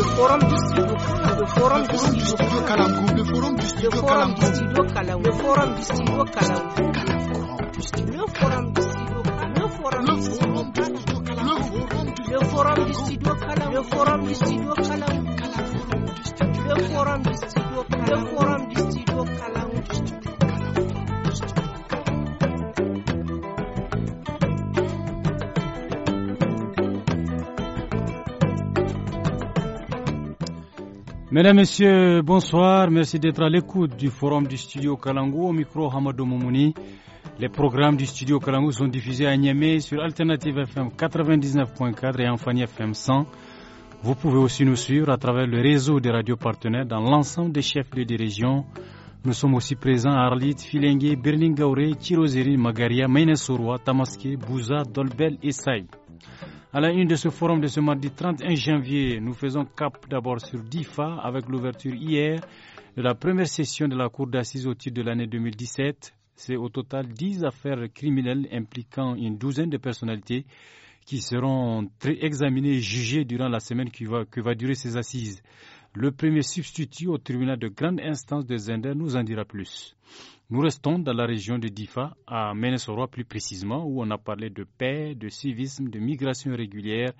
The forum the forum, the forum du studio Kalamkou le forum du studio Kalamkou le forum du studio Kalamkou le forum the studio le forum the studio le forum the studio le forum the studio le forum the studio le forum Mesdames, Messieurs, bonsoir. Merci d'être à l'écoute du forum du studio Kalangou au micro Hamadou Moumouni. Les programmes du studio Kalangou sont diffusés à Niamey sur Alternative FM 99.4 et Enfani FM 100. Vous pouvez aussi nous suivre à travers le réseau des radios partenaires dans l'ensemble des chefs de des Nous sommes aussi présents à Arlit, Filengue, Berlingaure, Tirozeri, Magaria, Mainesoroa, Tamaské, Bouza, Dolbel et Saï. À la une de ce forum de ce mardi 31 janvier, nous faisons cap d'abord sur DIFA avec l'ouverture hier de la première session de la Cour d'assises au titre de l'année 2017. C'est au total 10 affaires criminelles impliquant une douzaine de personnalités qui seront très examinées et jugées durant la semaine que va durer ces assises. Le premier substitut au tribunal de grande instance de Zender nous en dira plus. Nous restons dans la région de Difa, à Ménesoroa plus précisément, où on a parlé de paix, de civisme, de migration régulière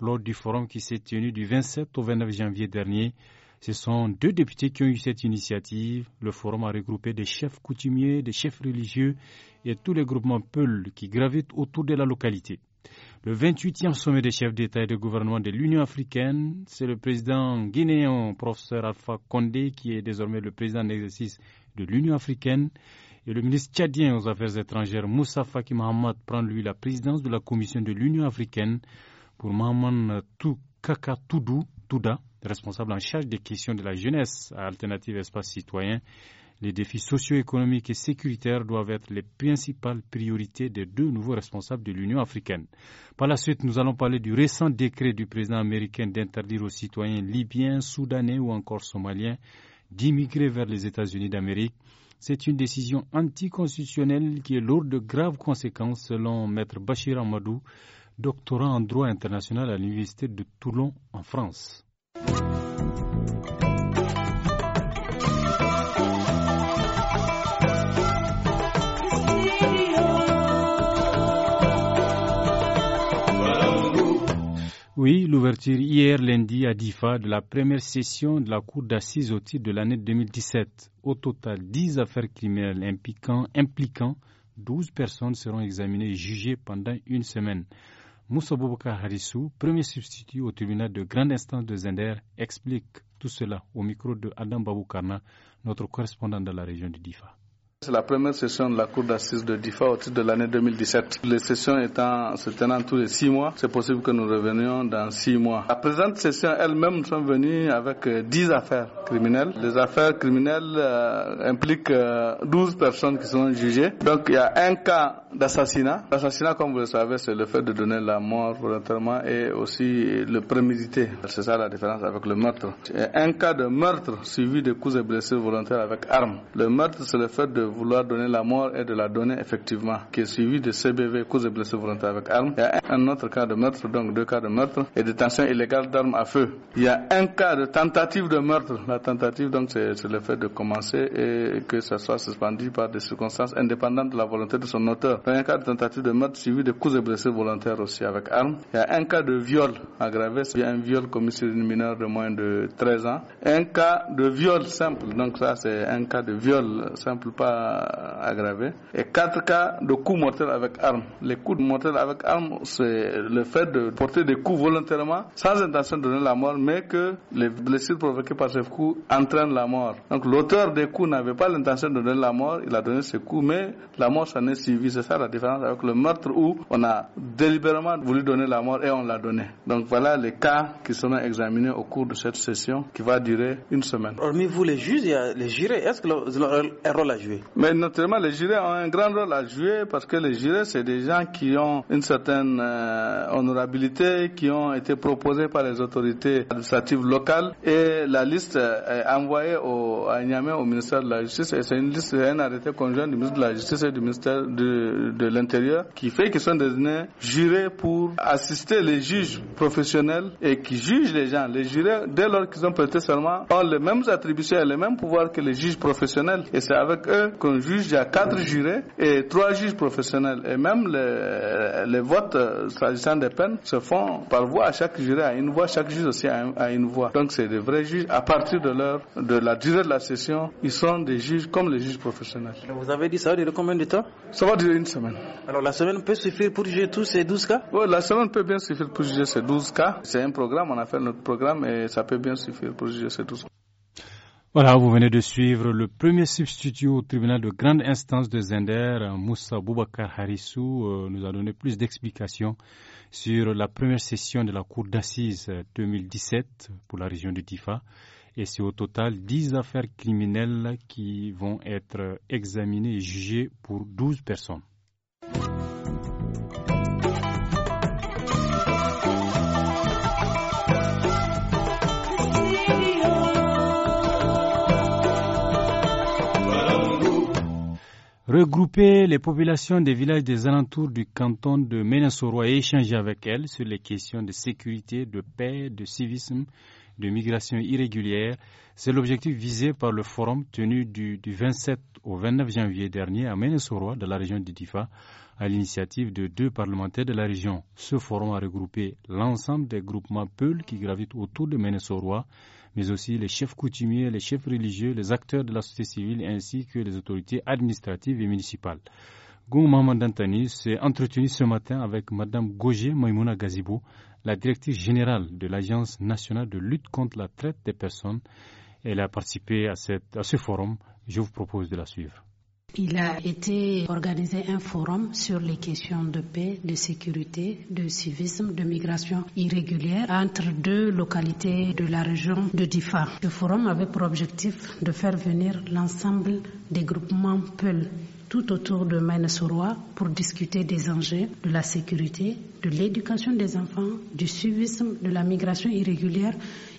lors du forum qui s'est tenu du 27 au 29 janvier dernier. Ce sont deux députés qui ont eu cette initiative. Le forum a regroupé des chefs coutumiers, des chefs religieux et tous les groupements Peul qui gravitent autour de la localité. Le 28e sommet des chefs d'État et de gouvernement de l'Union africaine, c'est le président guinéen, professeur Alpha Condé, qui est désormais le président d'exercice de l'Union africaine. Et le ministre tchadien aux Affaires étrangères Moussa Faki Mohamed prend lui la présidence de la Commission de l'Union africaine pour Mohamed Toukaka Toudou, responsable en charge des questions de la jeunesse à Alternative Espace Citoyen. Les défis socio-économiques et sécuritaires doivent être les principales priorités des deux nouveaux responsables de l'Union africaine. Par la suite, nous allons parler du récent décret du président américain d'interdire aux citoyens libyens, soudanais ou encore somaliens d'immigrer vers les États-Unis d'Amérique. C'est une décision anticonstitutionnelle qui est lourde de graves conséquences selon Maître Bachir Amadou, doctorant en droit international à l'Université de Toulon en France. Oui, l'ouverture hier lundi à DIFA de la première session de la Cour d'assises au titre de l'année 2017. Au total, 10 affaires criminelles impliquant, impliquant 12 personnes seront examinées et jugées pendant une semaine. Moussa Boubacar Harissou, premier substitut au tribunal de grande instance de Zender, explique tout cela au micro de Adam Baboukarna, notre correspondant dans la région de Difa. C'est la première session de la Cour d'assises de DIFA au titre de l'année 2017. Les sessions étant se tenant tous les six mois, c'est possible que nous revenions dans six mois. La présente session elle-même, nous sommes venus avec euh, dix affaires criminelles. Les affaires criminelles euh, impliquent euh, douze personnes qui sont jugées. Donc il y a un cas d'assassinat. L'assassinat, comme vous le savez, c'est le fait de donner la mort volontairement et aussi le prémédité. C'est ça la différence avec le meurtre. un cas de meurtre suivi de coups et blessures volontaires avec arme. Le meurtre, c'est le fait de vouloir donner la mort et de la donner effectivement, qui est suivi de CBV, cause de blessure volontaire avec arme. Il y a un autre cas de meurtre, donc deux cas de meurtre et détention illégale d'armes à feu. Il y a un cas de tentative de meurtre. La tentative, donc, c'est le fait de commencer et que ça soit suspendu par des circonstances indépendantes de la volonté de son auteur. Il y a un cas de tentative de meurtre suivi de cause de blessés volontaires aussi avec arme. Il y a un cas de viol aggravé, c'est un viol commis sur une mineure de moins de 13 ans. Un cas de viol simple, donc ça c'est un cas de viol simple, pas aggravé. Et quatre cas de coups mortels avec arme. Les coups mortels avec arme, c'est le fait de porter des coups volontairement, sans intention de donner la mort, mais que les blessures provoquées par ces coups entraînent la mort. Donc l'auteur des coups n'avait pas l'intention de donner la mort, il a donné ses coups, mais la mort s'en est suivie. C'est ça la différence avec le meurtre où on a délibérément voulu donner la mort et on l'a donné Donc voilà les cas qui sont examinés au cours de cette session qui va durer une semaine. Hormis vous les juges, et les jurés. Est-ce que leur rôle a joué mais naturellement, les jurés ont un grand rôle à jouer parce que les jurés, c'est des gens qui ont une certaine euh, honorabilité, qui ont été proposés par les autorités administratives locales et la liste euh, est envoyée au, à Niamé au ministère de la Justice et c'est une liste, un arrêté conjoint du ministre de la Justice et du ministère de, de l'Intérieur qui fait qu'ils sont désignés jurés pour assister les juges professionnels et qui jugent les gens. Les jurés, dès lors qu'ils ont prêté seulement, ont les mêmes attributions et les mêmes pouvoirs que les juges professionnels et c'est avec eux qu'on juge, a quatre mm. jurés et trois juges professionnels. Et même les, les votes euh, s'agissant des peines se font par voix à chaque juré, à une voix, chaque juge aussi à une voix. Donc c'est des vrais juges. À partir de l'heure, de la durée de la session, ils sont des juges comme les juges professionnels. Vous avez dit ça va durer combien de temps Ça va durer une semaine. Alors la semaine peut suffire pour juger tous ces 12 cas Oui, la semaine peut bien suffire pour juger ces 12 cas. C'est un programme, on a fait notre programme et ça peut bien suffire pour juger ces 12 cas. Voilà, vous venez de suivre le premier substitut au tribunal de grande instance de Zender, Moussa Boubacar Harissou, euh, nous a donné plus d'explications sur la première session de la Cour d'assises 2017 pour la région de Tifa. Et c'est au total 10 affaires criminelles qui vont être examinées et jugées pour 12 personnes. regrouper les populations des villages des alentours du canton de Ménin-sur-Roi et échanger avec elles sur les questions de sécurité, de paix, de civisme, de migration irrégulière. C'est l'objectif visé par le forum tenu du, 27 au 29 janvier dernier à Ménin-sur-Roi, dans la région Difa, à l'initiative de deux parlementaires de la région. Ce forum a regroupé l'ensemble des groupements Peul qui gravitent autour de Ménin-sur-Roi mais aussi les chefs coutumiers, les chefs religieux, les acteurs de la société civile ainsi que les autorités administratives et municipales. Goum s'est entretenu ce matin avec Madame Gogé Maimouna Gazibou, la directrice générale de l'Agence nationale de lutte contre la traite des personnes. Elle a participé à, à ce forum. Je vous propose de la suivre. Il a été organisé un forum sur les questions de paix, de sécurité, de civisme, de migration irrégulière entre deux localités de la région de Difa. Le forum avait pour objectif de faire venir l'ensemble des groupements Peul tout autour de sur roi pour discuter des enjeux de la sécurité, de l'éducation des enfants, du suivisme, de la migration irrégulière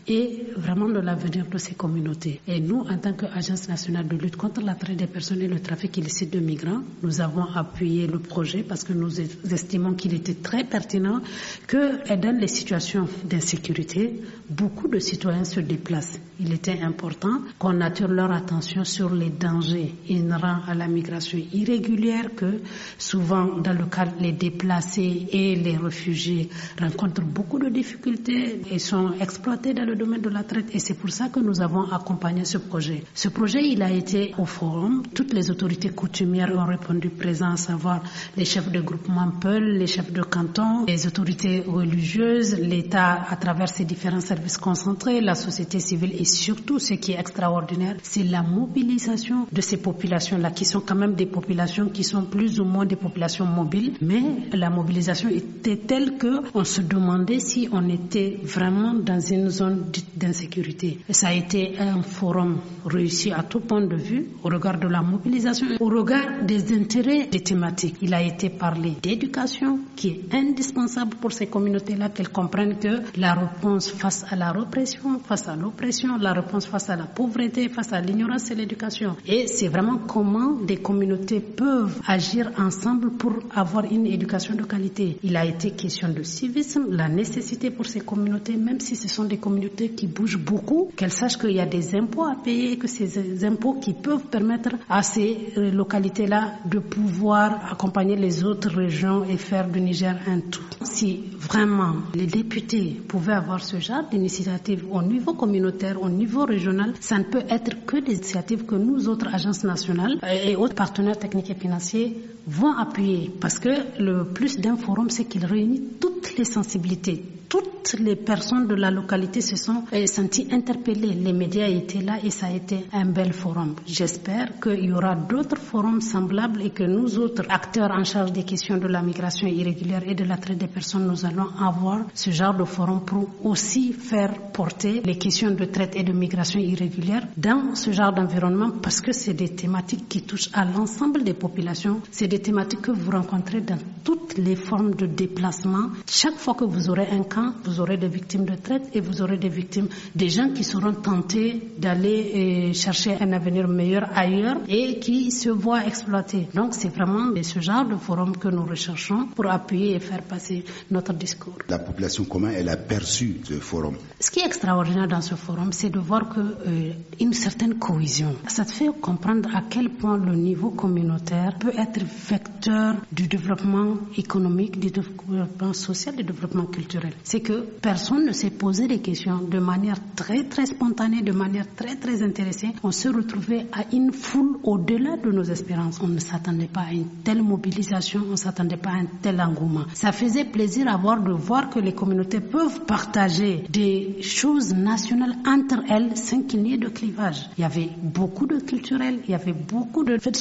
et vraiment de l'avenir de ces communautés. Et nous, en tant qu'Agence nationale de lutte contre la traite des personnes et le trafic illicite de migrants, nous avons appuyé le projet parce que nous estimons qu'il était très pertinent que, dans les situations d'insécurité, beaucoup de citoyens se déplacent. Il était important qu'on attire leur attention sur les dangers inhérents à la migration irrégulière que souvent dans le cadre les déplacés et les réfugiés rencontrent beaucoup de difficultés et sont exploités dans le domaine de la traite et c'est pour ça que nous avons accompagné ce projet. Ce projet, il a été au forum. Toutes les autorités coutumières ont répondu présents, à savoir les chefs de groupement Peul, les chefs de canton, les autorités religieuses, l'État à travers ses différents services concentrés, la société civile et surtout ce qui est extraordinaire, c'est la mobilisation de ces populations-là qui sont quand même des populations qui sont plus ou moins des populations mobiles, mais la mobilisation était telle que on se demandait si on était vraiment dans une zone d'insécurité. Ça a été un forum réussi à tout point de vue au regard de la mobilisation, au regard des intérêts des thématiques. Il a été parlé d'éducation qui est indispensable pour ces communautés-là qu'elles comprennent que la réponse face à la répression, face à l'oppression, la réponse face à la pauvreté, face à l'ignorance, c'est l'éducation. Et c'est vraiment comment des communautés communautés peuvent agir ensemble pour avoir une éducation de qualité. Il a été question de civisme, la nécessité pour ces communautés, même si ce sont des communautés qui bougent beaucoup, qu'elles sachent qu'il y a des impôts à payer et que ces impôts qui peuvent permettre à ces euh, localités-là de pouvoir accompagner les autres régions et faire du Niger un tout. Si vraiment les députés pouvaient avoir ce genre d'initiative au niveau communautaire, au niveau régional, ça ne peut être que des initiatives que nous autres agences nationales euh, et autres partenaires techniques et financiers vont appuyer parce que le plus d'un forum, c'est qu'il réunit toutes les sensibilités. Toutes les personnes de la localité se sont euh, senties interpellées. Les médias étaient là et ça a été un bel forum. J'espère qu'il y aura d'autres forums semblables et que nous autres acteurs en charge des questions de la migration irrégulière et de la traite des personnes, nous allons avoir ce genre de forum pour aussi faire porter les questions de traite et de migration irrégulière dans ce genre d'environnement parce que c'est des thématiques qui touchent à l'ensemble l'ensemble des populations. C'est des thématiques que vous rencontrez dans toutes les formes de déplacement. Chaque fois que vous aurez un camp, vous aurez des victimes de traite et vous aurez des victimes, des gens qui seront tentés d'aller eh, chercher un avenir meilleur ailleurs et qui se voient exploiter. Donc c'est vraiment ce genre de forum que nous recherchons pour appuyer et faire passer notre discours. La population commune, elle a perçu ce forum Ce qui est extraordinaire dans ce forum, c'est de voir que euh, une certaine cohésion. Ça te fait comprendre à quel point le niveau communautaire peut être vecteur du développement économique, du développement social, du développement culturel. C'est que personne ne s'est posé des questions de manière très très spontanée, de manière très très intéressée. On se retrouvait à une foule au-delà de nos espérances. On ne s'attendait pas à une telle mobilisation, on ne s'attendait pas à un tel engouement. Ça faisait plaisir voir de voir que les communautés peuvent partager des choses nationales entre elles sans qu'il n'y ait de clivage. Il y avait beaucoup de culturels, il y avait beaucoup de faits de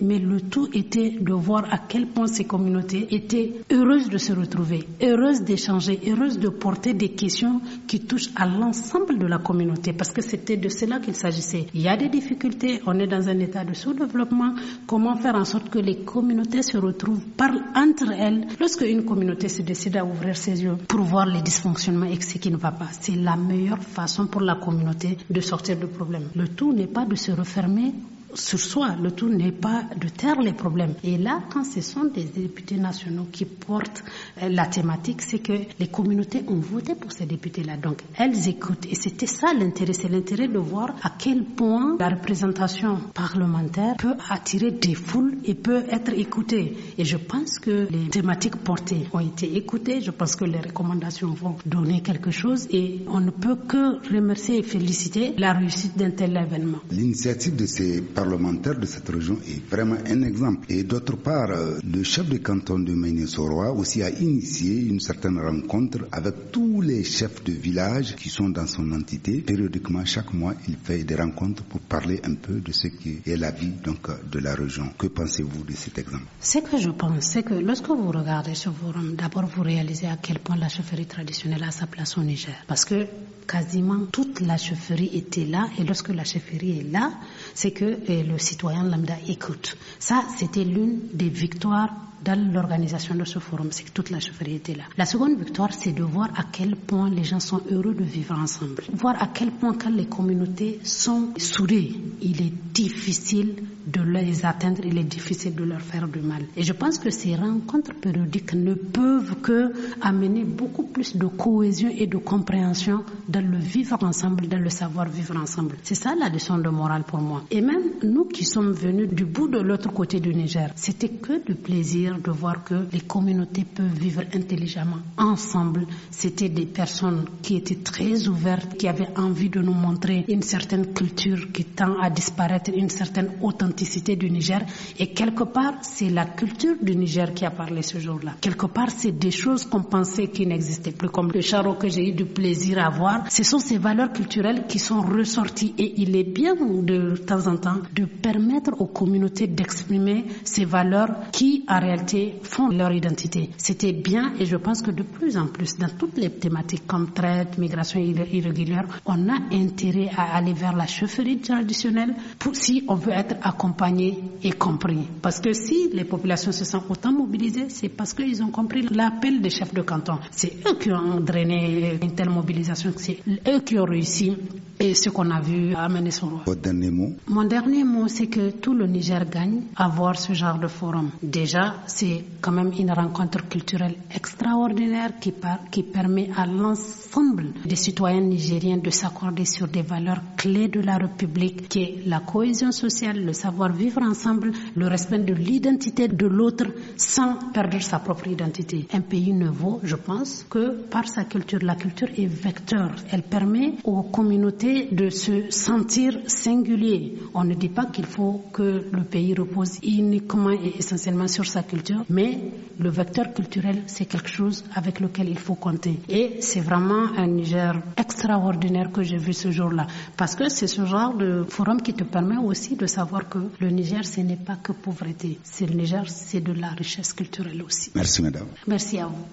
mais le tout était de voir à quel point ces communautés étaient heureuses de se retrouver, heureuses d'échanger, heureuses de porter des questions qui touchent à l'ensemble de la communauté, parce que c'était de cela qu'il s'agissait. Il y a des difficultés, on est dans un état de sous-développement, comment faire en sorte que les communautés se retrouvent, parlent entre elles. Lorsque une communauté se décide à ouvrir ses yeux pour voir les dysfonctionnements et ce qui ne va pas, c'est la meilleure façon pour la communauté de sortir du problème. Le tout n'est pas de se refermer sur soi. Le tout n'est pas de taire les problèmes. Et là, quand ce sont des députés nationaux qui portent euh, la thématique, c'est que les communautés ont voté pour ces députés-là. Donc, elles écoutent. Et c'était ça l'intérêt. C'est l'intérêt de voir à quel point la représentation parlementaire peut attirer des foules et peut être écoutée. Et je pense que les thématiques portées ont été écoutées. Je pense que les recommandations vont donner quelque chose. Et on ne peut que remercier et féliciter la réussite d'un tel événement. L'initiative de ces parlementaire de cette région est vraiment un exemple. Et d'autre part, euh, le chef de canton de Ménézoroa aussi a initié une certaine rencontre avec tous les chefs de village qui sont dans son entité. Périodiquement, chaque mois, il fait des rencontres pour parler un peu de ce qui est la vie donc, euh, de la région. Que pensez-vous de cet exemple Ce que je pense, c'est que lorsque vous regardez ce forum, d'abord vous réalisez à quel point la chefferie traditionnelle a sa place au Niger. Parce que quasiment toute la chefferie était là et lorsque la chefferie est là, c'est que euh, le citoyen lambda écoute. Ça, c'était l'une des victoires dans l'organisation de ce forum, c'est toute la chefferie était là. La seconde victoire, c'est de voir à quel point les gens sont heureux de vivre ensemble. Voir à quel point quand les communautés sont soudées, il est difficile de les atteindre, il est difficile de leur faire du mal. Et je pense que ces rencontres périodiques ne peuvent que amener beaucoup plus de cohésion et de compréhension dans le vivre ensemble, dans le savoir vivre ensemble. C'est ça la leçon de morale pour moi. Et même nous qui sommes venus du bout de l'autre côté du Niger, c'était que du plaisir de voir que les communautés peuvent vivre intelligemment ensemble. C'était des personnes qui étaient très ouvertes, qui avaient envie de nous montrer une certaine culture qui tend à disparaître, une certaine authenticité du Niger. Et quelque part, c'est la culture du Niger qui a parlé ce jour-là. Quelque part, c'est des choses qu'on pensait qui n'existaient plus, comme le charreau que j'ai eu du plaisir à voir. Ce sont ces valeurs culturelles qui sont ressorties et il est bien de, de temps en temps de permettre aux communautés d'exprimer ces valeurs qui, en réalité, font leur identité. C'était bien et je pense que de plus en plus, dans toutes les thématiques comme traite, migration irrégulière, on a intérêt à aller vers la chefferie traditionnelle pour, si on veut être accompagné et compris. Parce que si les populations se sont autant mobilisées, c'est parce qu'ils ont compris l'appel des chefs de canton. C'est eux qui ont drainé une telle mobilisation, c'est eux qui ont réussi et ce qu'on a vu amener son roi. Votre dernier mot Mon dernier mot, c'est que tout le Niger gagne à voir ce genre de forum. Déjà, c'est quand même une rencontre culturelle extraordinaire qui, par, qui permet à l'ensemble des citoyens nigériens de s'accorder sur des valeurs clés de la République, qui est la cohésion sociale, le savoir vivre ensemble, le respect de l'identité de l'autre sans perdre sa propre identité. Un pays ne vaut, je pense, que par sa culture. La culture est vecteur. Elle permet aux communautés de se sentir singuliers. On ne dit pas qu'il faut que le pays repose uniquement et essentiellement sur sa culture mais le vecteur culturel, c'est quelque chose avec lequel il faut compter. Et c'est vraiment un Niger extraordinaire que j'ai vu ce jour-là. Parce que c'est ce genre de forum qui te permet aussi de savoir que le Niger, ce n'est pas que pauvreté. C'est le Niger, c'est de la richesse culturelle aussi. Merci, madame. Merci à vous.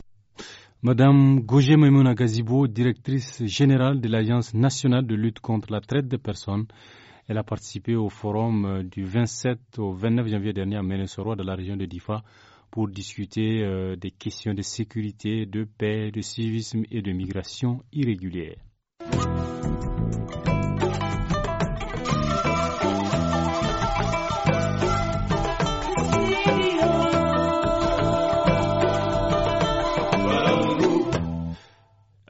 Madame Gauje Maimouna Gazibo, directrice générale de l'Alliance nationale de lutte contre la traite des personnes, elle a participé au forum euh, du 27 au 29 janvier dernier à roi dans la région de Difa, pour discuter euh, des questions de sécurité, de paix, de civisme et de migration irrégulière.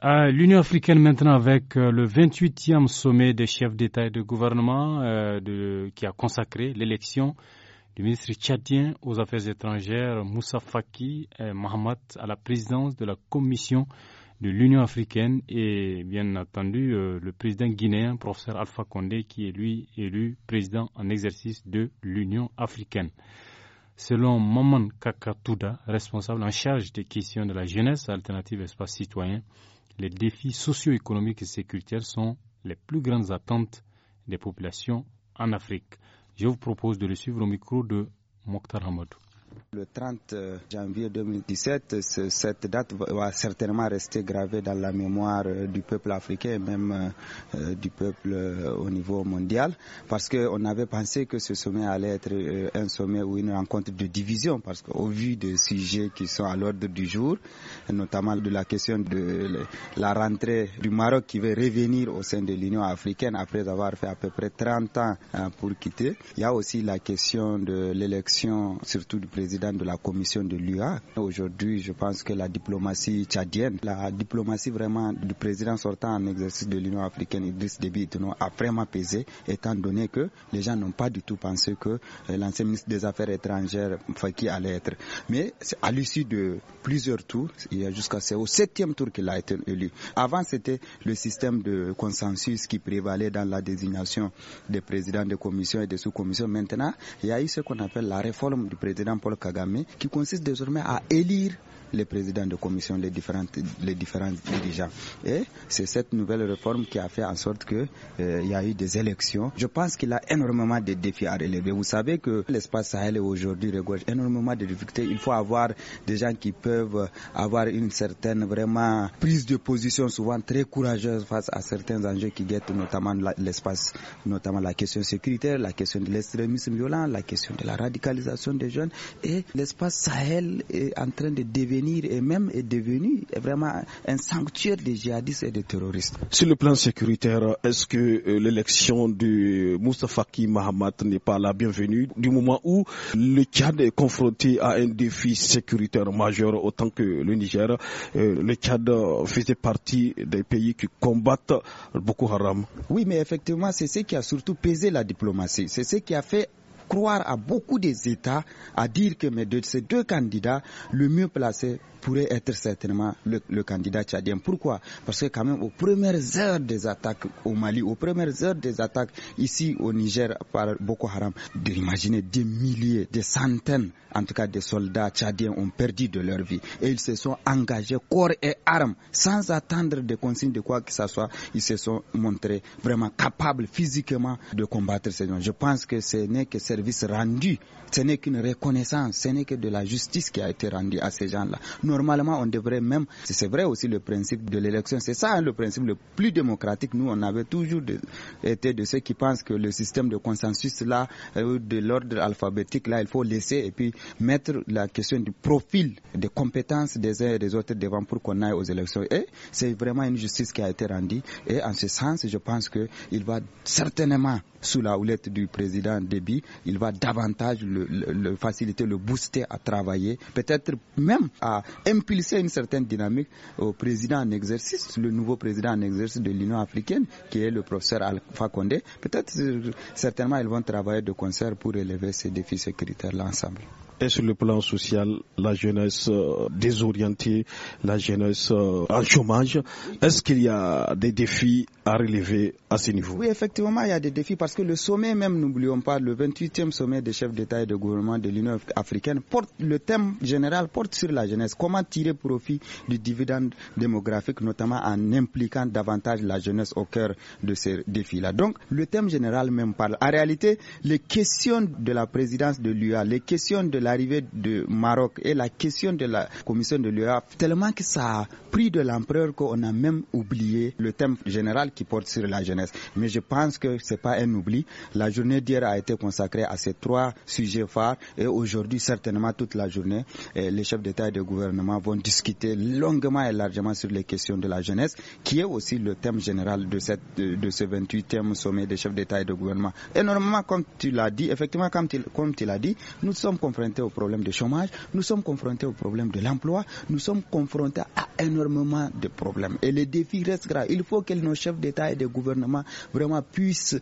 L'Union africaine maintenant avec euh, le 28e sommet des chefs d'État et de gouvernement euh, qui a consacré l'élection du ministre tchadien aux Affaires étrangères Moussa Faki et à la présidence de la commission de l'Union africaine et bien entendu euh, le président guinéen professeur Alpha Condé qui est lui élu président en exercice de l'Union africaine. Selon Maman Kakatouda, responsable en charge des questions de la jeunesse alternative espace citoyen, les défis socio-économiques et sécuritaires sont les plus grandes attentes des populations en Afrique. Je vous propose de le suivre au micro de Mokhtar Hamadou. Le 30 euh, janvier 2017, cette date va certainement rester gravée dans la mémoire euh, du peuple africain même euh, du peuple au niveau mondial parce qu'on avait pensé que ce sommet allait être un sommet ou une rencontre de division parce qu'au vu des sujets qui sont à l'ordre du jour, notamment de la question de la rentrée du Maroc qui veut revenir au sein de l'Union africaine après avoir fait à peu près 30 ans hein, pour quitter, il y a aussi la question de l'élection surtout du président président de la commission de l'UA. Aujourd'hui, je pense que la diplomatie tchadienne, la diplomatie vraiment du président sortant en exercice de l'Union africaine, Idriss Déby a vraiment pesé, étant donné que les gens n'ont pas du tout pensé que euh, l'ancien ministre des Affaires étrangères, Faki, allait être. Mais à l'issue de plusieurs tours, il y a jusqu'à ce au septième tour qu'il a été élu. Avant, c'était le système de consensus qui prévalait dans la désignation des présidents de commissions et des sous-commissions. Maintenant, il y a eu ce qu'on appelle la réforme du président Paul Kagame, qui consiste désormais à élire les présidents de commission, les, différentes, les différents dirigeants. Et c'est cette nouvelle réforme qui a fait en sorte qu'il euh, il y a eu des élections. Je pense qu'il a énormément de défis à relever. Vous savez que l'espace Sahel aujourd'hui regorge énormément de difficultés. Il faut avoir des gens qui peuvent avoir une certaine vraiment prise de position souvent très courageuse face à certains enjeux qui guettent notamment l'espace, notamment la question sécuritaire, la question de l'extrémisme violent, la question de la radicalisation des jeunes. Et l'espace Sahel est en train de devenir et même est devenu vraiment un sanctuaire des djihadistes et des terroristes. Sur le plan sécuritaire, est-ce que euh, l'élection de Moustapha Ki Mahamat n'est pas la bienvenue du moment où le Tchad est confronté à un défi sécuritaire majeur autant que le Niger euh, Le Tchad faisait partie des pays qui combattent Boko Haram. Oui, mais effectivement, c'est ce qui a surtout pesé la diplomatie. C'est ce qui a fait croire à beaucoup des États à dire que mais de ces deux candidats, le mieux placé pourrait être certainement le, candidat tchadien. Pourquoi Parce que quand même aux premières heures des attaques au Mali, aux premières heures des attaques ici au Niger par Boko Haram, d'imaginer des milliers, des centaines, en tout cas des soldats tchadiens ont perdu de leur vie et ils se sont engagés corps et armes sans attendre des consignes de quoi que ce soit. Ils se sont montrés vraiment capables physiquement de combattre ces gens. Je pense que ce n'est que service rendu. Ce n'est qu'une reconnaissance, ce n'est que de la justice qui a été rendue à ces gens-là. Normalement, on devrait même, c'est vrai aussi le principe de l'élection, c'est ça hein, le principe le plus démocratique. Nous, on avait toujours été de ceux qui pensent que le système de consensus là, euh, de l'ordre alphabétique là, il faut laisser et puis mettre la question du profil des compétences des uns et des autres devant pour qu'on aille aux élections. Et c'est vraiment une justice qui a été rendue. Et en ce sens, je pense qu'il va certainement sous la houlette du président Déby, il va davantage le, le, faciliter, le booster à travailler, peut-être même à impulser une certaine dynamique au président en exercice, le nouveau président en exercice de l'Union africaine, qui est le professeur al Condé. Peut-être, euh, certainement, ils vont travailler de concert pour élever ces défis, sécuritaires là ensemble et sur le plan social, la jeunesse euh, désorientée, la jeunesse euh, en chômage. Est-ce qu'il y a des défis à relever à ce niveau Oui, effectivement, il y a des défis parce que le sommet même, n'oublions pas, le 28e sommet des chefs d'État et de gouvernement de l'Union africaine, porte, le thème général porte sur la jeunesse. Comment tirer profit du dividende démographique, notamment en impliquant davantage la jeunesse au cœur de ces défis-là. Donc, le thème général même parle. En réalité, les questions de la présidence de l'UA, les questions de la arrivée de Maroc et la question de la commission de l'UEA, tellement que ça a pris de l'ampleur qu'on a même oublié le thème général qui porte sur la jeunesse. Mais je pense que ce n'est pas un oubli. La journée d'hier a été consacrée à ces trois sujets phares et aujourd'hui, certainement toute la journée, eh, les chefs d'État et de gouvernement vont discuter longuement et largement sur les questions de la jeunesse, qui est aussi le thème général de, cette, de ce 28e sommet des chefs d'État et de gouvernement. normalement comme tu l'as dit, effectivement, comme comme tu l'as dit, nous sommes confrontés au problème du chômage, nous sommes confrontés au problème de l'emploi, nous sommes confrontés à énormément de problèmes. Et le défi reste grave. Il faut que nos chefs d'État et de gouvernement vraiment puissent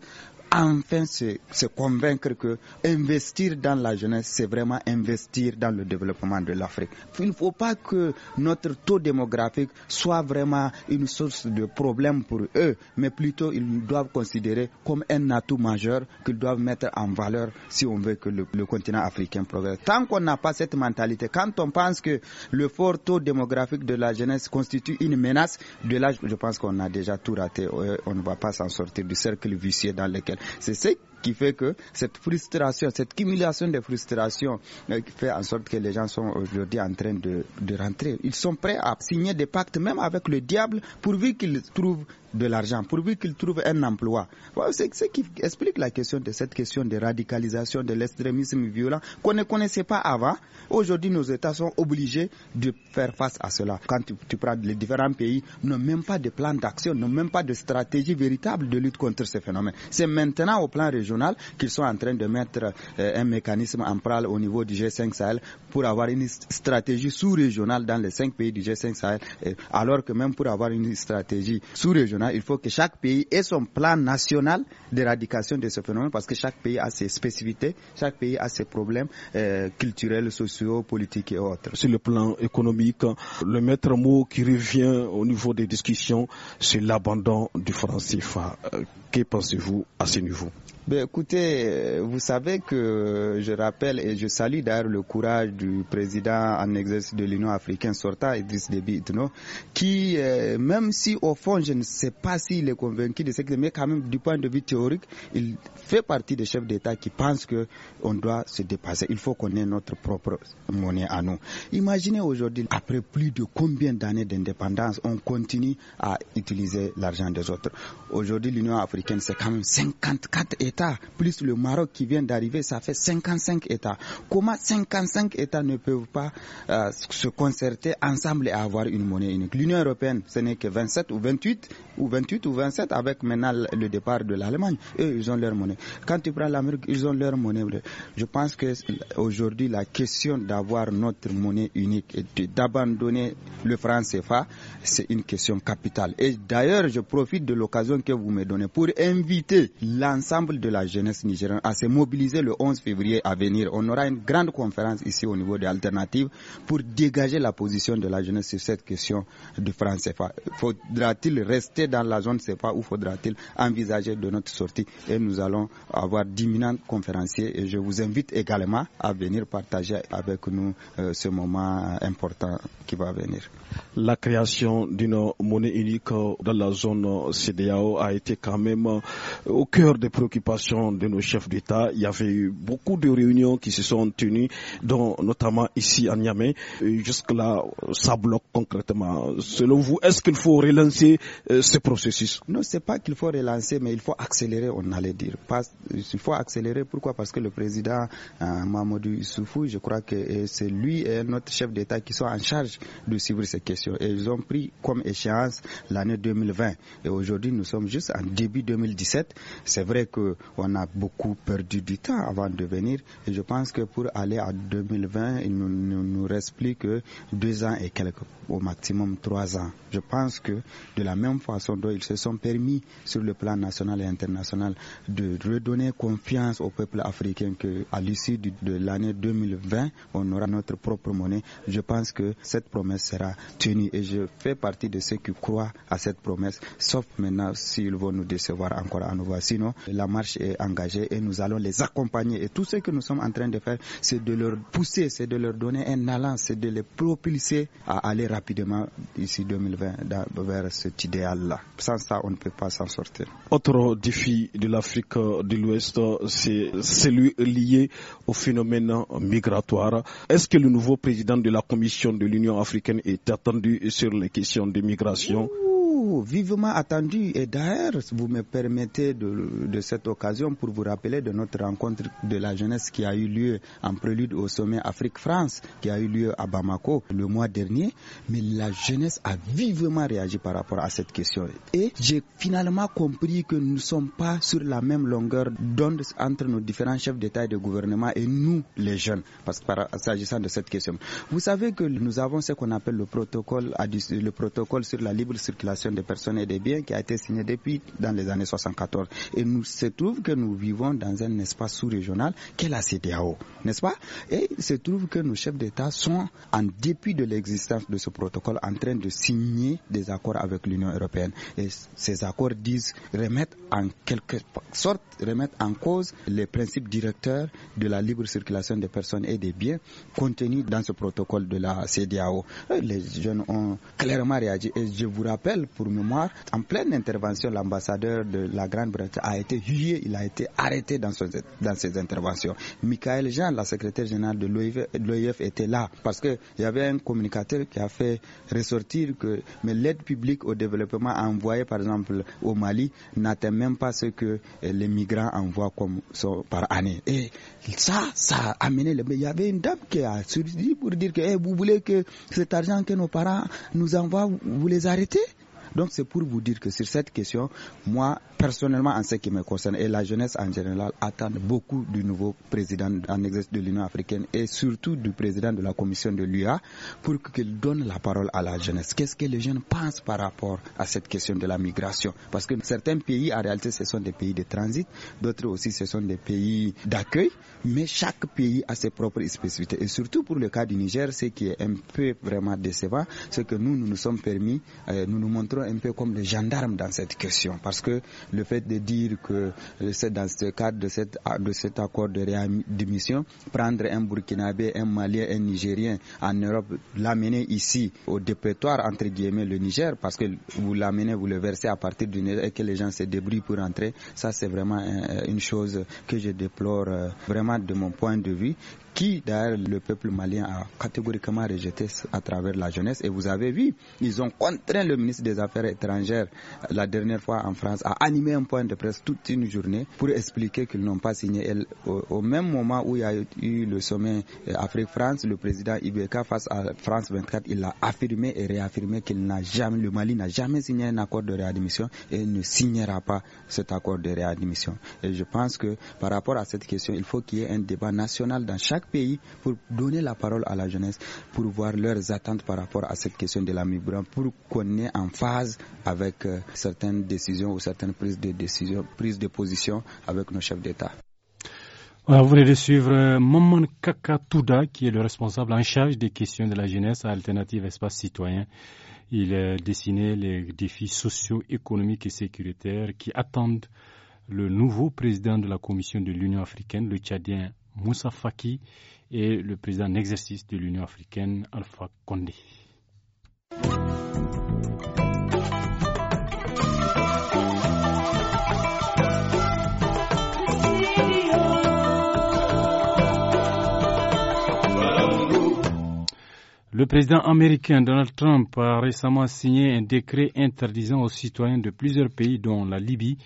enfin se, convaincre que investir dans la jeunesse, c'est vraiment investir dans le développement de l'Afrique. Il ne faut pas que notre taux démographique soit vraiment une source de problème pour eux, mais plutôt ils doivent considérer comme un atout majeur qu'ils doivent mettre en valeur si on veut que le, le continent africain progresse. Tant qu'on n'a pas cette mentalité, quand on pense que le fort taux démographique de la jeunesse constitue une menace, de là, je pense qu'on a déjà tout raté. Euh, on ne va pas s'en sortir du cercle vicieux dans lequel C'est qui fait que cette frustration, cette cumulation de frustrations euh, qui fait en sorte que les gens sont aujourd'hui en train de, rentrer. Ils sont prêts à signer des pactes même avec le diable pourvu qu'ils trouvent de l'argent, pourvu qu'ils trouvent un emploi. c'est ce qui explique la question de cette question de radicalisation, de l'extrémisme violent qu'on ne connaissait pas avant. Aujourd'hui, nos États sont obligés de faire face à cela. Quand tu, prends les différents pays, n'ont même pas de plan d'action, n'ont même pas de stratégie véritable de lutte contre ce phénomène. C'est maintenant au plan régional qu'ils sont en train de mettre euh, un mécanisme en pral au niveau du G5 Sahel pour avoir une stratégie sous-régionale dans les cinq pays du G5 Sahel. Euh, alors que même pour avoir une stratégie sous-régionale, il faut que chaque pays ait son plan national d'éradication de ce phénomène parce que chaque pays a ses spécificités, chaque pays a ses problèmes euh, culturels, sociaux, politiques et autres. Sur le plan économique, le maître mot qui revient au niveau des discussions, c'est l'abandon du franc CFA. Que pensez-vous à ce niveau ben, écoutez, euh, vous savez que je rappelle et je salue d'ailleurs le courage du président en exercice de l'Union africaine Sorta Idriss Déby qui, euh, même si au fond je ne sais pas s'il est convaincu de ce que, mais quand même du point de vue théorique, il fait partie des chefs d'État qui pensent que on doit se dépasser. Il faut qu'on ait notre propre monnaie à nous. Imaginez aujourd'hui, après plus de combien d'années d'indépendance, on continue à utiliser l'argent des autres. Aujourd'hui, l'Union africaine, c'est quand même 54 et plus le Maroc qui vient d'arriver, ça fait 55 États. Comment 55 États ne peuvent pas euh, se concerter ensemble et avoir une monnaie unique L'Union européenne, ce n'est que 27 ou 28 ou 28 ou 27 avec maintenant le départ de l'Allemagne. Eux, ils ont leur monnaie. Quand tu prends l'Amérique, ils ont leur monnaie. Je pense que aujourd'hui, la question d'avoir notre monnaie unique et d'abandonner le franc CFA, c'est une question capitale. Et d'ailleurs, je profite de l'occasion que vous me donnez pour inviter l'ensemble de la jeunesse nigérienne à se mobiliser le 11 février à venir. On aura une grande conférence ici au niveau des alternatives pour dégager la position de la jeunesse sur cette question du franc CFA. Faudra-t-il rester dans la zone CFA ou faudra-t-il envisager de notre sortie Et nous allons avoir d'imminents conférenciers et je vous invite également à venir partager avec nous euh, ce moment important qui va venir. La création d'une monnaie unique dans la zone CDAO a été quand même euh, au cœur des préoccupations de nos chefs d'État. Il y avait eu beaucoup de réunions qui se sont tenues, dont notamment ici à Niamey. Jusque-là, ça bloque concrètement. Selon vous, est-ce qu'il faut relancer euh, ce processus Non, c'est pas qu'il faut relancer, mais il faut accélérer, on allait dire. il faut accélérer, pourquoi Parce que le président euh, Mamadou Issoufou, je crois que euh, c'est lui et notre chef d'État qui sont en charge de suivre ces questions. ils ont pris comme échéance l'année 2020. Et aujourd'hui, nous sommes juste en début 2017. C'est vrai que on a beaucoup perdu du temps avant de venir. Et je pense que pour aller à 2020, il nous, nous, reste plus que deux ans et quelques, au maximum trois ans. Je pense que de la même façon dont ils se sont permis sur le plan national et international de redonner confiance au peuple africain que à l'issue de l'année 2020, on aura notre propre monnaie. Je pense que cette promesse sera tenue et je fais partie de ceux qui croient à cette promesse, sauf maintenant s'ils vont nous décevoir encore à nouveau. Sinon, la marche engagés et nous allons les accompagner. Et tout ce que nous sommes en train de faire, c'est de leur pousser, c'est de leur donner un allant, c'est de les propulser à aller rapidement d'ici 2020 vers cet idéal-là. Sans ça, on ne peut pas s'en sortir. Autre défi de l'Afrique de l'Ouest, c'est celui lié au phénomène migratoire. Est-ce que le nouveau président de la Commission de l'Union africaine est attendu sur les questions de migration? vivement attendu. Et d'ailleurs, vous me permettez de, cette occasion pour vous rappeler de notre rencontre de la jeunesse qui a eu lieu en prélude au sommet Afrique-France, qui a eu lieu à Bamako le mois dernier. Mais la jeunesse a vivement réagi par rapport à cette question. Et j'ai finalement compris que nous ne sommes pas sur la même longueur d'onde entre nos différents chefs d'État et de gouvernement et nous, les jeunes, parce que s'agissant de cette question. Vous savez que nous avons ce qu'on appelle le protocole, le protocole sur la libre circulation des personnes et des biens qui a été signé depuis dans les années 74. Et nous se trouve que nous vivons dans un espace sous-régional qu'est la CDAO, n'est-ce pas Et il se trouve que nos chefs d'État sont, en dépit de l'existence de ce protocole, en train de signer des accords avec l'Union européenne. Et ces accords disent remettre en quelque sorte, remettre en cause les principes directeurs de la libre circulation des personnes et des biens contenus dans ce protocole de la CDAO. Les jeunes ont clairement réagi. Et je vous rappelle, pour mémoire, en pleine intervention, l'ambassadeur de la Grande-Bretagne a été hué, il a été arrêté dans, dans ses interventions. Michael Jean, la secrétaire générale de l'OIF, était là parce qu'il y avait un communicateur qui a fait ressortir que l'aide publique au développement envoyée, par exemple, au Mali n'atteint même pas ce que eh, les migrants envoient comme par année. Et ça, ça a amené Mais Il y avait une dame qui a surgi pour dire que eh, vous voulez que cet argent que nos parents nous envoient, vous les arrêtez donc c'est pour vous dire que sur cette question, moi, personnellement, en ce qui me concerne, et la jeunesse en général, attend beaucoup du nouveau président en exercice de l'Union africaine et surtout du président de la commission de l'UA pour qu'il donne la parole à la jeunesse. Qu'est-ce que les jeunes pensent par rapport à cette question de la migration Parce que certains pays, en réalité, ce sont des pays de transit, d'autres aussi, ce sont des pays d'accueil, mais chaque pays a ses propres spécificités. Et surtout pour le cas du Niger, ce qui est un peu vraiment décevant, c'est que nous, nous nous sommes permis, euh, nous nous montrons un peu comme des gendarmes dans cette question, parce que le fait de dire que euh, c'est dans ce cadre de, cet accord de réadmission, prendre un Burkinabé, un Malien, un Nigérien en Europe, l'amener ici au dépertoire, entre guillemets, le Niger, parce que vous l'amenez, vous le versez à partir du Niger et que les gens se débrouillent pour entrer, ça c'est vraiment euh, une chose que je déplore euh, vraiment de mon point de vue qui d'ailleurs le peuple malien a catégoriquement rejeté à travers la jeunesse. Et vous avez vu, ils ont contraint le ministre des Affaires étrangères euh, la dernière fois en France à animer un point de presse toute une journée pour expliquer qu'ils n'ont pas signé. au même moment où il y a eu le sommet euh, Afrique-France, le président Ibeka face à France 24, il a affirmé et réaffirmé qu'il n'a jamais, le Mali n'a jamais signé un accord de réadmission et ne signera pas cet accord de réadmission. Et je pense que par rapport à cette question, il faut qu'il y ait un débat national dans chaque pays pour donner la parole à la jeunesse, pour voir leurs attentes par rapport à cette question de la migration, pour qu'on ait en phase avec euh, certaines décisions ou certaines prises de décisions, prises de position avec nos chefs d'État. vous venez de suivre euh, Maman Kaka qui est le responsable en charge des questions de la jeunesse à Alternative Espace Citoyen. Il dessiné les défis sociaux, économiques et sécuritaires qui attendent le nouveau président de la Commission de l'Union africaine, le Tchadien Moussa Faki et le président d'exercice de l'Union africaine, Alpha Condé. Le président américain Donald Trump a récemment signé un décret interdisant aux citoyens de plusieurs pays, dont la Libye,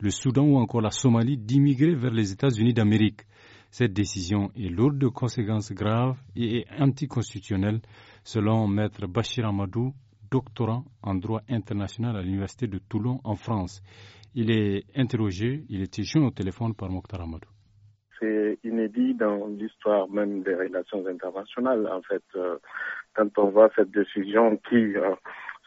le Soudan ou encore la Somalie, d'immigrer vers les États-Unis d'Amérique. Cette décision est lourde de conséquences graves et anticonstitutionnelles, anticonstitutionnelle, selon Maître Bachir Amadou, doctorant en droit international à l'Université de Toulon en France. Il est interrogé, il était jeune au téléphone par Mokhtar Amadou. C'est inédit dans l'histoire même des relations internationales. En fait, euh, quand on voit cette décision qui euh,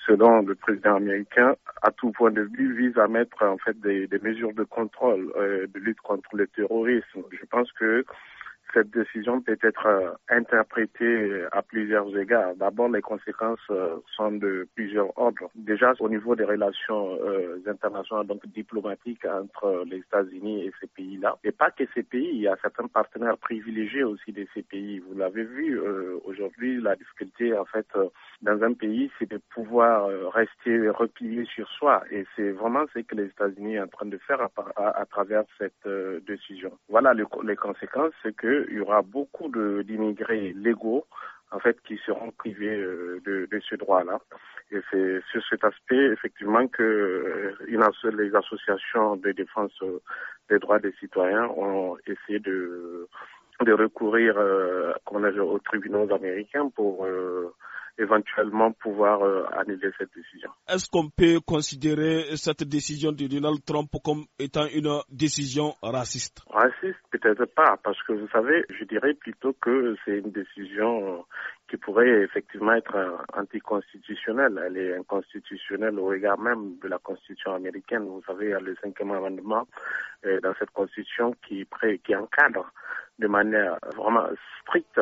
selon le président américain, à tout point de vue, vise à mettre en fait des, mesures de contrôle, euh, de lutte contre le terrorisme. Je pense que cette décision peut être euh, interprétée euh, à plusieurs égards. D'abord, les conséquences euh, sont de plusieurs ordres. Déjà, au niveau des relations internationales, donc diplomatiques entre les États-Unis et ces pays-là, et pas que ces pays, il y a certains partenaires privilégiés aussi de ces pays. Vous l'avez vu aujourd'hui, la difficulté, en fait, dans un pays, c'est de pouvoir rester replié sur soi. Et c'est vraiment ce que les États-Unis sont en train de faire à, travers cette décision. Voilà les conséquences, c'est que il y aura beaucoup d'immigrés légaux en fait, qui seront privés euh, de, ce droit-là. Et c'est sur cet aspect, effectivement, que euh, une, les associations de défense euh, des droits des citoyens ont essayé de, de recourir aux tribunaux américains pour éventuellement pouvoir euh, annuler cette décision. Est-ce qu'on peut considérer cette décision de Donald Trump comme étant une décision raciste Raciste, peut-être pas, parce que vous savez, je dirais plutôt que c'est une décision euh, qui pourrait effectivement être euh, anticonstitutionnelle. Elle est inconstitutionnelle au regard même de la Constitution américaine. Vous savez, il y a le cinquième amendement dans cette Constitution qui, qui encadre de manière vraiment stricte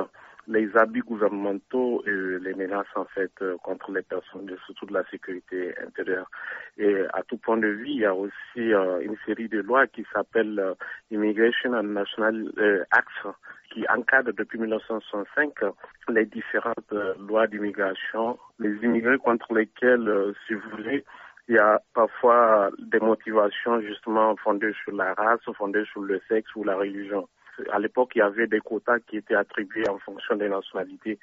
les abus gouvernementaux et les menaces en fait euh, contre les personnes, surtout de la sécurité intérieure. Et à tout point de vue, il y a aussi euh, une série de lois qui s'appelle euh, Immigration and National Act, Acts qui encadre depuis 1965 les différentes lois d'immigration, les immigrés contre lesquels, si vous voulez, il y a parfois des motivations justement fondées sur la race, fondées sur le sexe ou la religion à l'époque, il y avait des quotas qui étaient attribués en fonction des nationalités.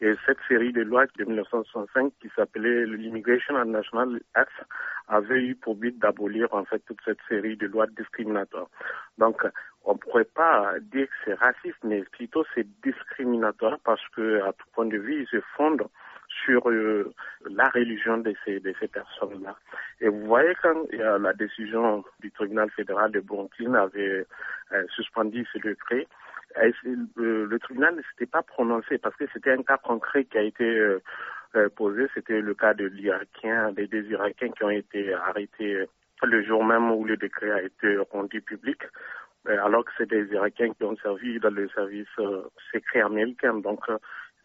Et cette série de lois de 1965 qui s'appelait l'Immigration and National Act avait eu pour but d'abolir en fait toute cette série de lois discriminatoires. Donc, on ne pourrait pas dire que c'est raciste, mais plutôt c'est discriminatoire parce que, à tout point de vue, ils se fondent sur euh, la religion de ces, personnes-là. Et vous voyez, quand la décision du tribunal fédéral de Brooklyn avait euh, suspendu ce décret, euh, le, tribunal ne s'était pas prononcé parce que c'était un cas concret qui a été posé. C'était le cas de l'Irakien, des Irakiens qui ont été arrêtés le jour même où le décret a été rendu public alors que c'est des Irakiens qui ont servi dans le service secret américain. Donc,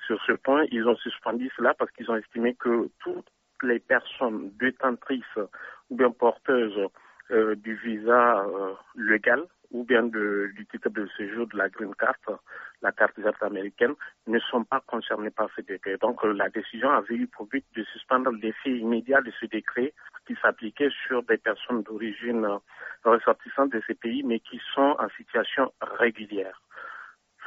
sur ce point, ils ont suspendu cela parce qu'ils ont estimé que toutes les personnes détentrices ou bien porteuses euh, du visa euh, légal ou bien du titre de séjour de la Green Card, la carte verte américaine, ne sont pas concernées par ce décret. Donc euh, la décision avait eu pour but de suspendre l'effet immédiat de ce décret qui s'appliquait sur des personnes d'origine ressortissante de ces pays mais qui sont en situation régulière.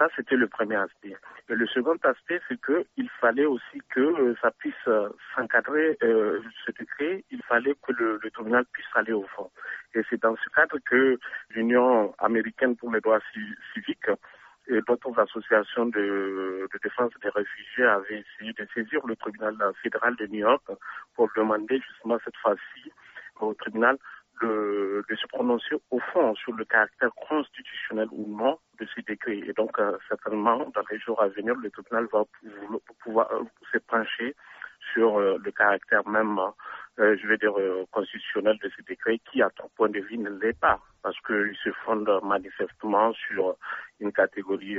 Ça, c'était le premier aspect. Et le second aspect, c'est qu'il fallait aussi que euh, ça puisse euh, s'encadrer, euh, ce décret. Il fallait que le, tribunal puisse aller au fond. Et c'est dans ce cadre que l'Union américaine pour les droits civiques et d'autres associations de, de, défense des réfugiés avaient essayé de saisir le tribunal fédéral de New York pour demander justement cette fois-ci au tribunal de, se prononcer au fond sur le caractère constitutionnel ou non de ces décrets. Et donc, euh, certainement, dans les jours à venir, le tribunal va pouvoir euh, se pencher sur euh, le caractère même, je vais dire, constitutionnel de ces décrets qui, à ton point de vue, ne l'est pas, parce qu'ils se fonde manifestement sur une catégorie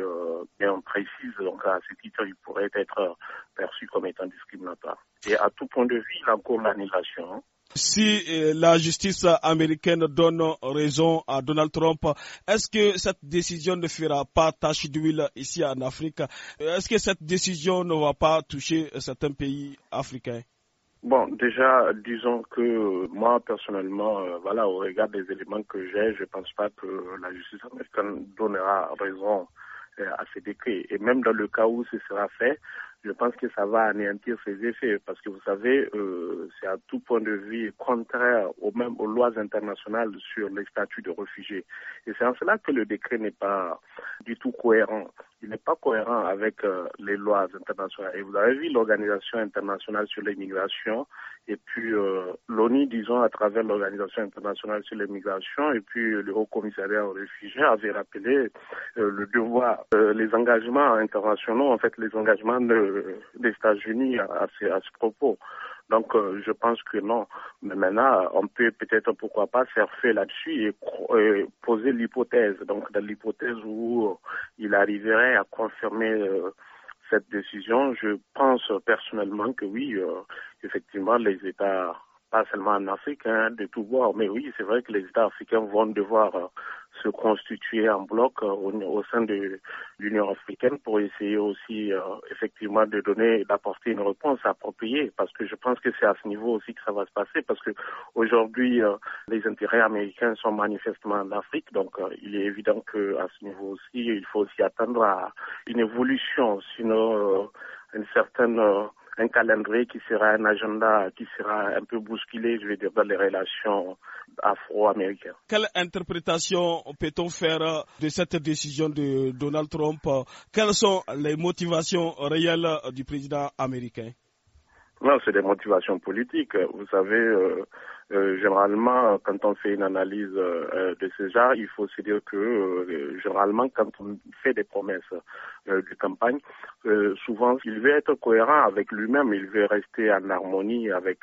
bien précise. Donc, à ce titre, il pourrait être perçu comme étant discriminatoire. Et à tout point de vue, il a encore l'annulation. Si euh, la justice américaine donne raison à Donald Trump, est-ce que cette décision ne fera pas tâche d'huile ici en Afrique Est-ce que cette décision ne va pas toucher certains pays africains Bon, déjà, disons que moi, personnellement, euh, voilà, au regard des éléments que j'ai, je ne pense pas que la justice américaine donnera raison euh, à ces décrets. Et même dans le cas où ce sera fait, je pense que ça va anéantir ses effets parce que vous savez, euh, c'est à tout point de vue contraire aux, même aux lois internationales sur les statuts de réfugiés. Et c'est en cela que le décret n'est pas du tout cohérent. Il n'est pas cohérent avec euh, les lois internationales. Et vous avez vu l'Organisation internationale sur l'immigration et puis euh, l'ONU, disons, à travers l'Organisation internationale sur les migrations, et puis euh, le Haut Commissariat aux réfugiés avait rappelé euh, le devoir, les engagements internationaux, en fait, les engagements de, des États-Unis à, à, ce, propos. Donc, je pense que non. Mais maintenant, on peut peut-être, pourquoi pas, fait là-dessus et, et, poser l'hypothèse. Donc, dans l'hypothèse où il arriverait à confirmer cette décision, je pense personnellement que oui, euh, effectivement, les États pas seulement en Afrique, hein, de tout voir Mais oui, c'est vrai que les États africains vont devoir euh, se constituer en bloc euh, au, sein de l'Union africaine pour essayer aussi euh, effectivement de donner, d'apporter une réponse appropriée, parce que je pense que c'est à ce niveau aussi que ça va se passer, parce que aujourd'hui les intérêts américains sont manifestement en Afrique, donc il est évident qu'à ce niveau aussi, il faut aussi attendre à une évolution, sinon une certaine un calendrier qui sera un agenda qui sera un peu bousculé, je veux dire, dans les relations afro-américaines. Quelle interprétation peut-on faire de cette décision de Donald Trump Quelles sont les motivations réelles du président américain Non, c'est des motivations politiques. Vous savez, euh, euh, généralement, quand on fait une analyse euh, de ce genre, il faut se dire que euh, généralement, quand on fait des promesses de campagne, souvent, il veut être cohérent avec lui-même, il veut rester en harmonie avec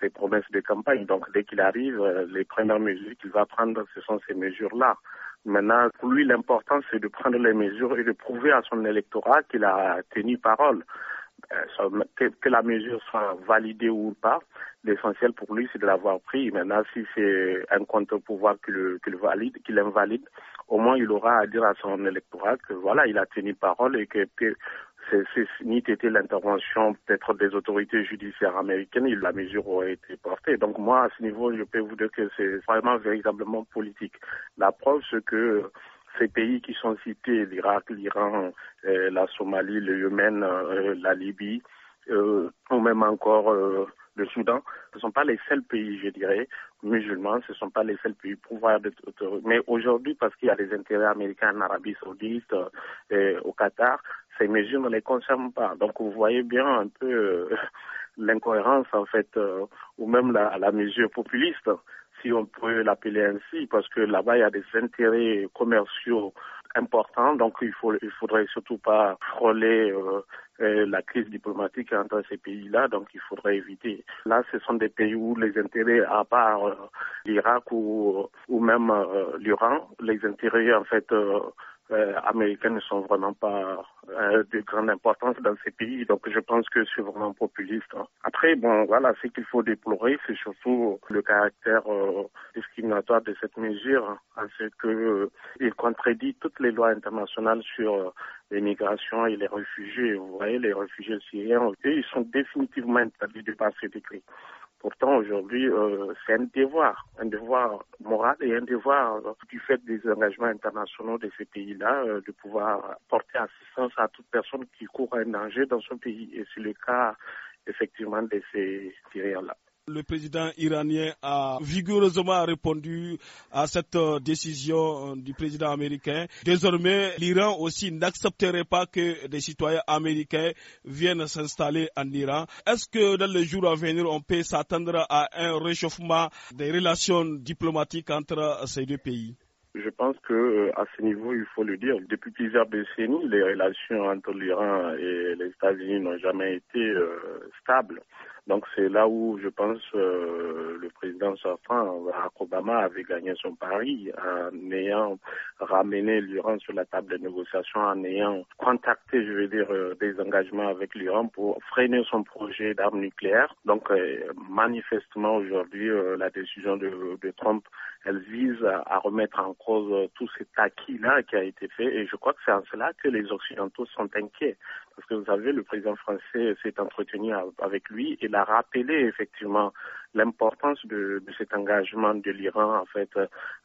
ses promesses de campagne. Donc, dès qu'il arrive, les premières mesures qu'il va prendre, ce sont ces mesures-là. Maintenant, pour lui, l'important, c'est de prendre les mesures et de prouver à son électorat qu'il a tenu parole. Euh, que, que, la mesure soit validée ou pas, l'essentiel pour lui, c'est de l'avoir pris. Maintenant, si c'est un contre-pouvoir qui le, valide, qui l'invalide, au moins il aura à dire à son électorat que voilà, il a tenu parole et que, que ni été l'intervention peut-être des autorités judiciaires américaines, la mesure aurait été portée. Donc moi, à ce niveau, je peux vous dire que c'est vraiment véritablement politique. La preuve, c'est que ces pays qui sont cités, l'Irak, l'Iran, euh, la Somalie, le Yémen, euh, la Libye, euh, ou même encore le Soudan, ce ne sont pas les seuls pays, je dirais, musulmans, ce ne sont pas les seuls pays pouvoir de Mais aujourd'hui, parce qu'il y a des intérêts américains en Arabie saoudite, au Qatar, ces mesures ne les concernent pas. Donc vous voyez bien un peu l'incohérence, en fait, ou même la, la mesure populiste si on peut l'appeler ainsi, parce que là-bas, il y a des intérêts commerciaux importants, donc il faut, il faudrait surtout pas frôler euh, euh, la crise diplomatique entre ces pays-là, donc il faudrait éviter. Là, ce sont des pays où les intérêts, à part euh, l'Irak ou, ou même l'Iran, les intérêts en fait euh, Américains ne sont vraiment pas euh, de grande importance dans ces pays. Donc je pense que c'est vraiment populiste. Hein. Après, bon, voilà, ce qu'il faut déplorer, c'est surtout le caractère euh, discriminatoire de cette mesure, parce hein, que euh, il contredit toutes les lois internationales sur les migrations et les réfugiés. Vous voyez, les réfugiés syriens, ils sont définitivement interdits de passer des cris. Pourtant, aujourd'hui, euh, c'est un devoir, un devoir moral et un devoir euh, du fait des engagements internationaux de ces pays-là euh, de pouvoir porter assistance à toute personne qui court un danger dans son pays. Et c'est le cas, effectivement, de ces tireurs là le président iranien a vigoureusement répondu à cette euh, décision euh, du président américain. Désormais, l'Iran aussi n'accepterait pas que des citoyens américains viennent s'installer en Iran. Est-ce que dans les jours à venir, on peut s'attendre à un réchauffement des relations diplomatiques entre ces deux pays je pense que euh, à ce niveau, il faut le dire, depuis plusieurs décennies, les relations entre l'Iran et les États-Unis n'ont jamais été stables. Donc c'est là où je pense euh, le président sortant, Barack Obama, avait gagné son pari en ayant ramené l'Iran sur la table de négociation, en ayant contacté, je veux dire, euh, des engagements avec l'Iran pour freiner son projet d'armes nucléaires. Donc euh, manifestement aujourd'hui, la décision de, Trump, elle vise à remettre en cause tout cet acquis-là qui a été fait. Et je crois que c'est en cela que les Occidentaux sont inquiets. Parce que vous savez, le président français s'est entretenu avec lui et il a rappelé effectivement l'importance de, cet engagement de l'Iran en fait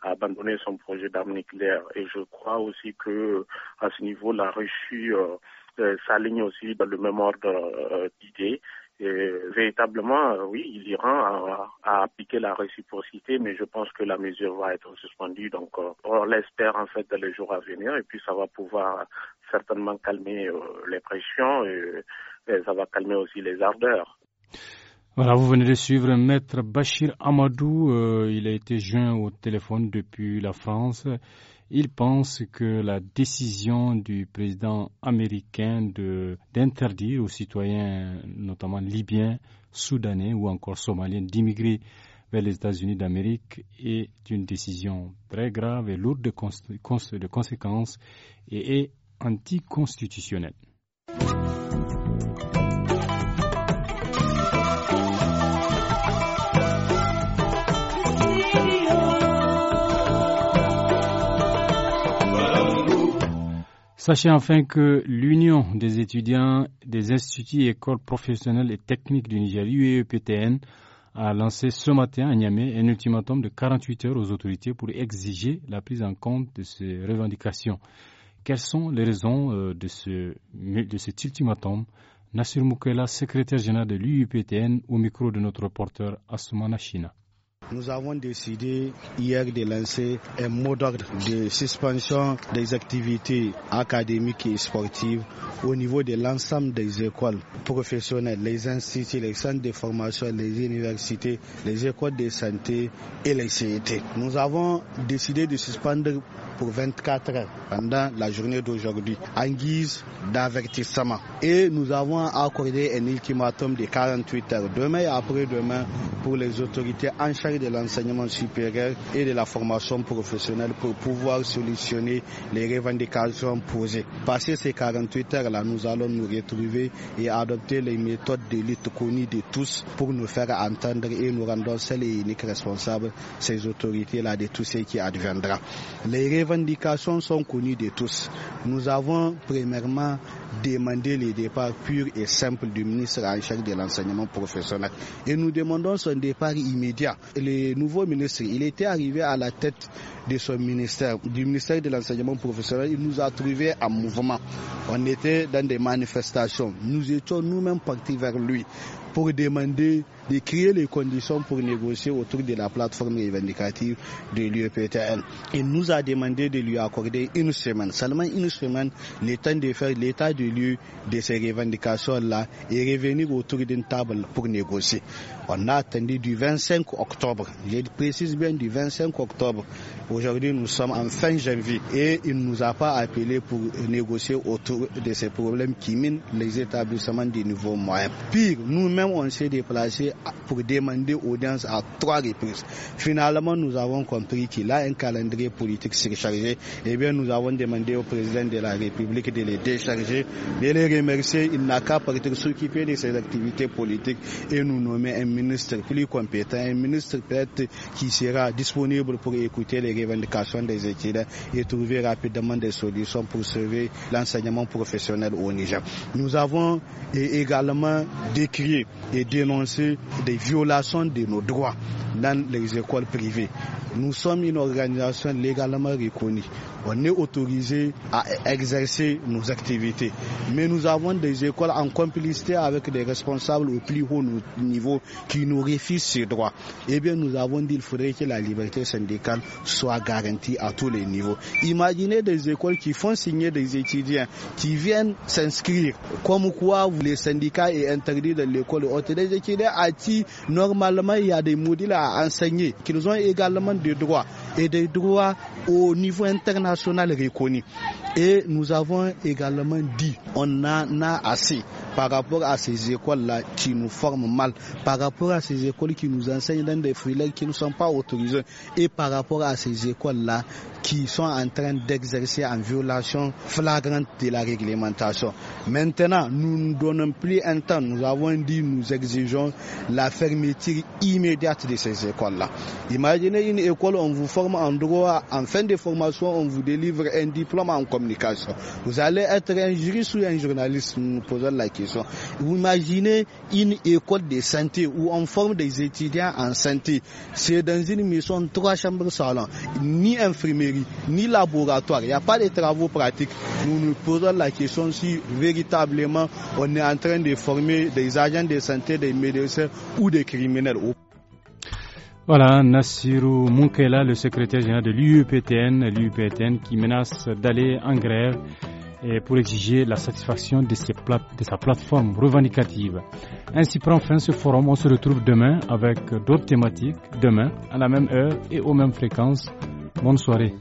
à abandonner son projet d'armes nucléaires. Et je crois aussi que à ce niveau, la Russie euh, euh, s'aligne aussi dans le même ordre euh, d'idées et véritablement, euh, oui, l'Iran a, à appliquer la réciprocité, mais je pense que la mesure va être suspendue. Donc, euh, on l'espère en fait dans les jours à venir, et puis ça va pouvoir certainement calmer euh, les pressions, et ça va calmer aussi les ardeurs. Voilà, vous venez de suivre Maître Bachir Amadou. Euh, il a été joint au téléphone depuis la France. Il pense que la décision du président américain d'interdire aux citoyens, notamment libyens, soudanais ou encore somaliens, d'immigrer vers les États-Unis d'Amérique est une décision très grave et lourde de conséquences et est anticonstitutionnelle. Sachez enfin que l'Union des étudiants des instituts et écoles professionnelles et techniques du Niger, UEPTN, a lancé ce matin à Niamey un ultimatum de 48 heures aux autorités pour exiger la prise en compte de ces revendications. Quelles sont les raisons euh, de, ce, de cet ultimatum Nassir Moukela, secrétaire général de l'UEPTN, au micro de notre reporter Assoumana China. Nous avons décidé hier de lancer un mot d'ordre de suspension des activités académiques et sportives au niveau de l'ensemble des écoles professionnelles, les instituts, les centres de formation, les universités, les écoles de santé et les CET. Nous avons décidé de suspendre pour 24 heures pendant la journée d'aujourd'hui en guise d'avertissement. Et nous avons accordé un ultimatum de 48 heures demain et après-demain pour les autorités en charge de l'enseignement supérieur et de la formation professionnelle pour pouvoir solutionner les revendications posées. Passé ces 48 heures-là, nous allons nous retrouver et adopter les méthodes de connues de tous pour nous faire entendre et nous rendre seuls et uniques responsables ces autorités-là de tout ce qui adviendra. Les revendications sont connues de tous. Nous avons premièrement demander le départ pur et simple du ministre en charge de l'enseignement professionnel. Et nous demandons son départ immédiat. Le nouveau ministre, il était arrivé à la tête de son ministère, du ministère de l'enseignement professionnel. Il nous a trouvé en mouvement. On était dans des manifestations. Nous étions nous-mêmes partis vers lui pour demander de créer les conditions pour négocier autour de la plateforme revendicative de l'UEPTN. Il nous a demandé de lui accorder une semaine, seulement une semaine, le temps de faire l'état de lieu de ces revendications-là et revenir autour d'une table pour négocier. On a attendu du 25 octobre, je précise bien du 25 octobre. Aujourd'hui, nous sommes en fin janvier et il ne nous a pas appelé pour négocier autour de ces problèmes qui minent les établissements de nouveaux moyens. Pire, nous-mêmes, on s'est déplacés pour demander audience à trois reprises. Finalement, nous avons compris qu'il a un calendrier politique surchargé. Eh bien, nous avons demandé au président de la République de les décharger, de les remercier. Il n'a qu'à s'occuper de ses activités politiques et nous nommer un ministre plus compétent, un ministre peut-être qui sera disponible pour écouter les revendications des étudiants et trouver rapidement des solutions pour sauver l'enseignement professionnel au Niger. Nous avons également décrit et dénoncé des violations de nos droits dans les écoles privées. Nous sommes une organisation légalement reconnue. On est autorisé à exercer nos activités. Mais nous avons des écoles en complicité avec des responsables au plus haut niveau qui nous refusent ces droits. Eh bien, nous avons dit qu'il faudrait que la liberté syndicale soit garantie à tous les niveaux. Imaginez des écoles qui font signer des étudiants qui viennent s'inscrire. Comme quoi, les syndicats est interdit de l'école haute. Des étudiants normalement, il y a des modules à enseigner qui nous ont également des droits et des droits au niveau international reconnus. Et nous avons également dit, on en a assez par rapport à ces écoles-là qui nous forment mal, par rapport à ces écoles qui nous enseignent dans des frilets qui ne sont pas autorisés, et par rapport à ces écoles-là qui sont en train d'exercer en violation flagrante de la réglementation. Maintenant, nous ne donnons plus un temps. Nous avons dit, nous exigeons la fermeture immédiate de ces écoles-là. Imaginez une école, on vous forme en droit, en fin de formation, on vous délivre un diplôme en commun. Vous allez être un juriste ou un journaliste, nous posons la question. Vous imaginez une école de santé où on forme des étudiants en santé. C'est dans une maison, trois chambres salon, ni infirmerie, ni laboratoire. Il n'y a pas de travaux pratiques. Nous nous posons la question si véritablement on est en train de former des agents de santé, des médecins ou des criminels. Voilà, Nassirou Moukela, le secrétaire général de l'UEPTN, l'UEPTN qui menace d'aller en grève et pour exiger la satisfaction de, de sa plateforme revendicative. Ainsi prend fin ce forum. On se retrouve demain avec d'autres thématiques, demain, à la même heure et aux mêmes fréquences. Bonne soirée.